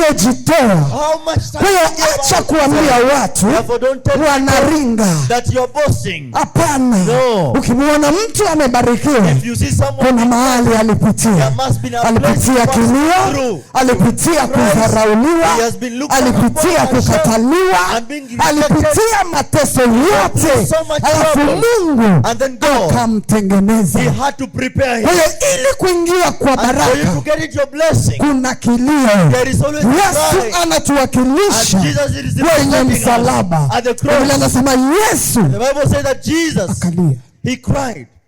uliyejitoa. acha kuambia watu wanaringa, hapana. Ukimwona mtu amebarikiwa, kuna mahali alipitia, alipitia kilio, alipitia kudharauliwa, alipitia kukataliwa, alipitia mateso yote, alafu Mungu akamtengeneza. ili kuingia kwa baraka kuna kilio Yesu anatuwakilisha kwenye msalaba. Biblia Yesu akalia.